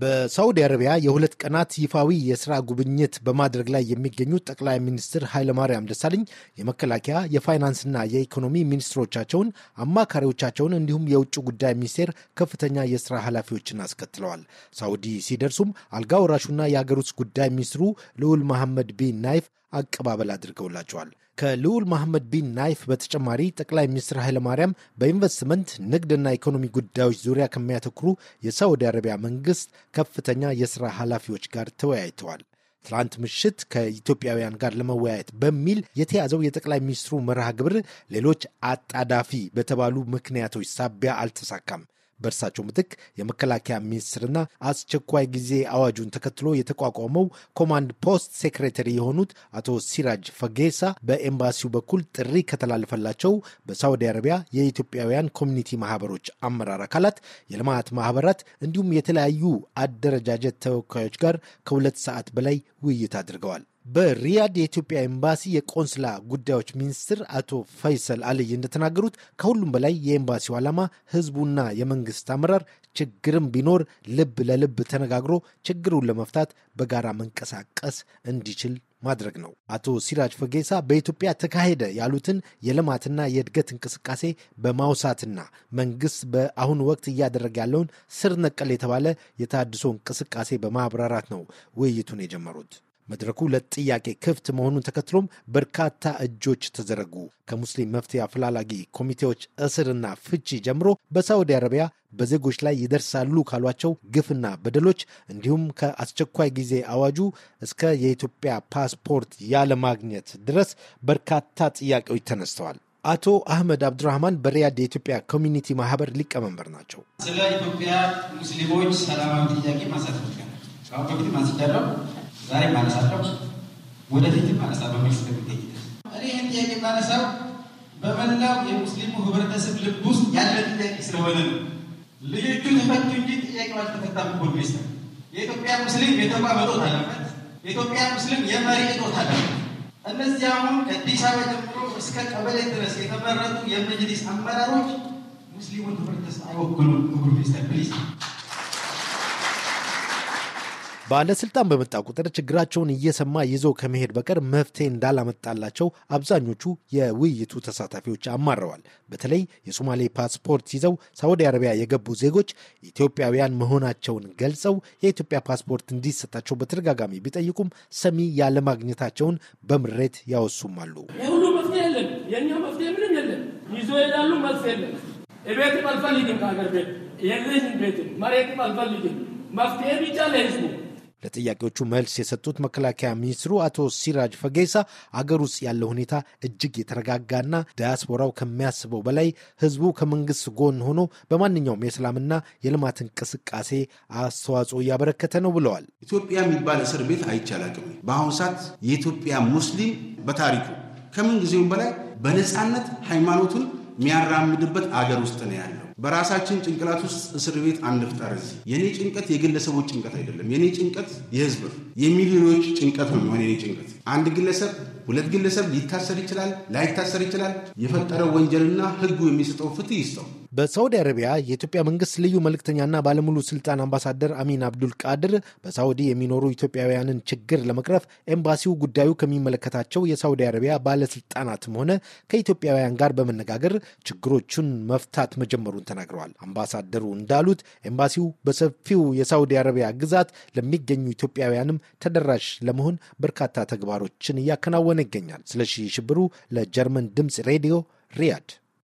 በሳዑዲ አረቢያ የሁለት ቀናት ይፋዊ የስራ ጉብኝት በማድረግ ላይ የሚገኙት ጠቅላይ ሚኒስትር ኃይለማርያም ደሳለኝ የመከላከያ የፋይናንስና የኢኮኖሚ ሚኒስትሮቻቸውን፣ አማካሪዎቻቸውን እንዲሁም የውጭ ጉዳይ ሚኒስቴር ከፍተኛ የስራ ኃላፊዎችን አስከትለዋል። ሳዑዲ ሲደርሱም አልጋ ወራሹና የአገር ውስጥ ጉዳይ ሚኒስትሩ ልዑል መሐመድ ቢን ናይፍ አቀባበል አድርገውላቸዋል። ከልዑል መሐመድ ቢን ናይፍ በተጨማሪ ጠቅላይ ሚኒስትር ኃይለማርያም በኢንቨስትመንት ንግድና ኢኮኖሚ ጉዳዮች ዙሪያ ከሚያተኩሩ የሳዑዲ አረቢያ መንግስት ከፍተኛ የስራ ኃላፊዎች ጋር ተወያይተዋል። ትላንት ምሽት ከኢትዮጵያውያን ጋር ለመወያየት በሚል የተያዘው የጠቅላይ ሚኒስትሩ መርሃ ግብር ሌሎች አጣዳፊ በተባሉ ምክንያቶች ሳቢያ አልተሳካም። በእርሳቸው ምትክ የመከላከያ ሚኒስትርና አስቸኳይ ጊዜ አዋጁን ተከትሎ የተቋቋመው ኮማንድ ፖስት ሴክሬተሪ የሆኑት አቶ ሲራጅ ፈጌሳ በኤምባሲው በኩል ጥሪ ከተላለፈላቸው በሳውዲ አረቢያ የኢትዮጵያውያን ኮሚኒቲ ማህበሮች አመራር አካላት፣ የልማት ማህበራት እንዲሁም የተለያዩ አደረጃጀት ተወካዮች ጋር ከሁለት ሰዓት በላይ ውይይት አድርገዋል። በሪያድ የኢትዮጵያ ኤምባሲ የቆንስላ ጉዳዮች ሚኒስትር አቶ ፈይሰል አልይ እንደተናገሩት ከሁሉም በላይ የኤምባሲው ዓላማ ህዝቡና የመንግስት አመራር ችግርም ቢኖር ልብ ለልብ ተነጋግሮ ችግሩን ለመፍታት በጋራ መንቀሳቀስ እንዲችል ማድረግ ነው። አቶ ሲራጅ ፈጌሳ በኢትዮጵያ ተካሄደ ያሉትን የልማትና የእድገት እንቅስቃሴ በማውሳትና መንግስት በአሁኑ ወቅት እያደረገ ያለውን ስር ነቀል የተባለ የታድሶ እንቅስቃሴ በማብራራት ነው ውይይቱን የጀመሩት። መድረኩ ለጥያቄ ክፍት መሆኑን ተከትሎም በርካታ እጆች ተዘረጉ። ከሙስሊም መፍትሄ አፈላላጊ ኮሚቴዎች እስርና ፍቺ ጀምሮ በሳዑዲ አረቢያ በዜጎች ላይ ይደርሳሉ ካሏቸው ግፍና በደሎች እንዲሁም ከአስቸኳይ ጊዜ አዋጁ እስከ የኢትዮጵያ ፓስፖርት ያለማግኘት ድረስ በርካታ ጥያቄዎች ተነስተዋል። አቶ አህመድ አብዱራህማን በሪያድ የኢትዮጵያ ኮሚኒቲ ማህበር ሊቀመንበር ናቸው። ስለ ኢትዮጵያ ሙስሊሞች ሰላማዊ ጥያቄ ማሳት ዛሬ ማነሳቸው ወደፊት ማነሳ በሚል ስለሚገኝ እኔ ይህን ጥያቄ ማነሳው በመላው የሙስሊሙ ህብረተሰብ ልብ ውስጥ ያለ ጥያቄ ስለሆነ ነው። ልጆቹ ተፈቱ እንጂ ጥያቄው አልተፈታም። ኮሚኒስት የኢትዮጵያ ሙስሊም የተቋም እጦት አለበት። የኢትዮጵያ ሙስሊም የመሪ እጦት አለበት። እነዚያም ከአዲስ አበባ ጀምሮ እስከ ቀበሌ ድረስ የተመረጡ የመጅሊስ አመራሮች ሙስሊሙን ህብረተሰብ አይወክሉም። ኮሚኒስት ፕሊስ ባለስልጣን በመጣ ቁጥር ችግራቸውን እየሰማ ይዞ ከመሄድ በቀር መፍትሄ እንዳላመጣላቸው አብዛኞቹ የውይይቱ ተሳታፊዎች አማረዋል። በተለይ የሶማሌ ፓስፖርት ይዘው ሳውዲ አረቢያ የገቡ ዜጎች ኢትዮጵያውያን መሆናቸውን ገልጸው የኢትዮጵያ ፓስፖርት እንዲሰጣቸው በተደጋጋሚ ቢጠይቁም ሰሚ ያለማግኘታቸውን በምሬት ያወሱማሉ። የሁሉ መፍትሄ የለም፣ የእኛ መፍትሄ ምንም የለም። ይዞ ይሄዳሉ፣ መልስ የለም። ቤትም አልፈልግም፣ ከሀገር ቤት ቤትም መሬትም አልፈልግም። መፍትሄ ብቻ ለህዝቡ ለጥያቄዎቹ መልስ የሰጡት መከላከያ ሚኒስትሩ አቶ ሲራጅ ፈጌሳ አገር ውስጥ ያለው ሁኔታ እጅግ የተረጋጋና ዳያስፖራው ከሚያስበው በላይ ህዝቡ ከመንግስት ጎን ሆኖ በማንኛውም የሰላምና የልማት እንቅስቃሴ አስተዋጽኦ እያበረከተ ነው ብለዋል። ኢትዮጵያ የሚባል እስር ቤት አይቻላቅም። በአሁኑ ሰዓት የኢትዮጵያ ሙስሊም በታሪኩ ከምን ጊዜውም በላይ በነፃነት ሃይማኖቱን የሚያራምድበት አገር ውስጥ ነው ያለው። በራሳችን ጭንቅላት ውስጥ እስር ቤት አንፍጠር። እዚህ የእኔ ጭንቀት የግለሰቦች ጭንቀት አይደለም። የእኔ ጭንቀት የህዝብ የሚሊዮኖች ጭንቀት ነው የሚሆን የኔ ጭንቀት አንድ ግለሰብ ሁለት ግለሰብ ሊታሰር ይችላል፣ ላይታሰር ይችላል። የፈጠረው ወንጀልና ህጉ የሚሰጠው ፍትህ ይስጠው። በሳዑዲ አረቢያ የኢትዮጵያ መንግስት ልዩ መልእክተኛና ባለሙሉ ስልጣን አምባሳደር አሚን አብዱል ቃድር በሳዑዲ የሚኖሩ ኢትዮጵያውያንን ችግር ለመቅረፍ ኤምባሲው ጉዳዩ ከሚመለከታቸው የሳውዲ አረቢያ ባለስልጣናትም ሆነ ከኢትዮጵያውያን ጋር በመነጋገር ችግሮቹን መፍታት መጀመሩን ተናግረዋል። አምባሳደሩ እንዳሉት ኤምባሲው በሰፊው የሳውዲ አረቢያ ግዛት ለሚገኙ ኢትዮጵያውያንም ተደራሽ ለመሆን በርካታ ተግባሮችን እያከናወነ ይገኛል። ስለሺ ሽብሩ ለጀርመን ድምፅ ሬዲዮ ሪያድ